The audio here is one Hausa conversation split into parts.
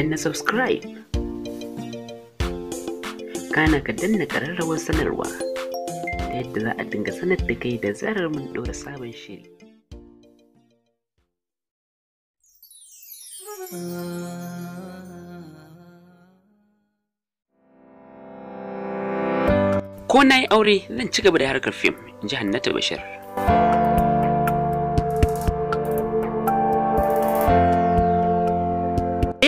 danna subscribe kana ka danna ƙararrawar sanarwa ta yadda za a dinga sanar da kai da zarar mun ɗora sabon shiri ko na yi aure zan ci gaba da harkar fim in ji hannatu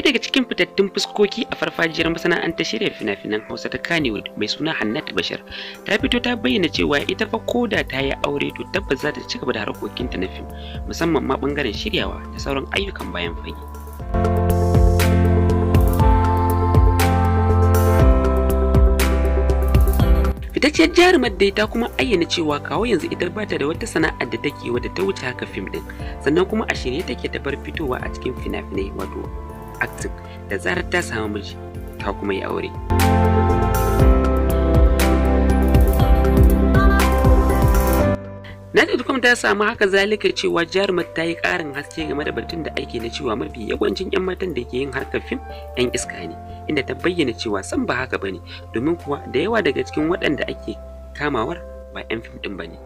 daga cikin fitattun fuskoki a farfajiyar masana'antar shirya fina-finan Hausa ta kanewood mai suna Hannatu Bashir ta fito ta bayyana cewa ita fa ko da ta yi aure to tabbas za ta ci gaba da harkokinta na fim musamman ma bangaren shiryawa da sauran ayyukan bayan fage. fitacciyar jarumar dai ta kuma ayyana cewa kawo yanzu ita ta da wata sana'ar da take wadda ta wuce haka fim din sannan kuma a shirye take ta bar fitowa a cikin fina-finai wato active da zarar ta samu miji ta kuma yi aure. Nadi.com ta samu haka zalika cewa jarumar ta yi ƙarin haske game da batun da ake na cewa mafi yawancin 'yan matan da ke yin harkar fim 'yan iska ne, inda ta bayyana cewa san ba haka bane domin kuwa da yawa daga cikin waɗanda ake kamawar ba 'yan fim ɗin ba ne.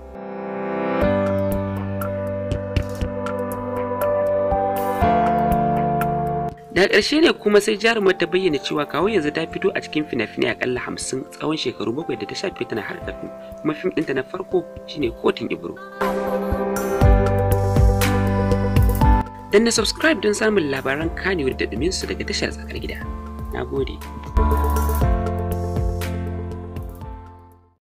daga ƙarshe ne kuma sai jarumar ta bayyana cewa kawo yanzu ta fito a cikin fina-finai akalla hamsin tsawon shekaru bakwai da ta shafe tana har ƙarfi kuma fim ɗinta na farko shine kotun ibro dan na subscribe don samun labaran kanewa da su daga tashar tsakar gida na gode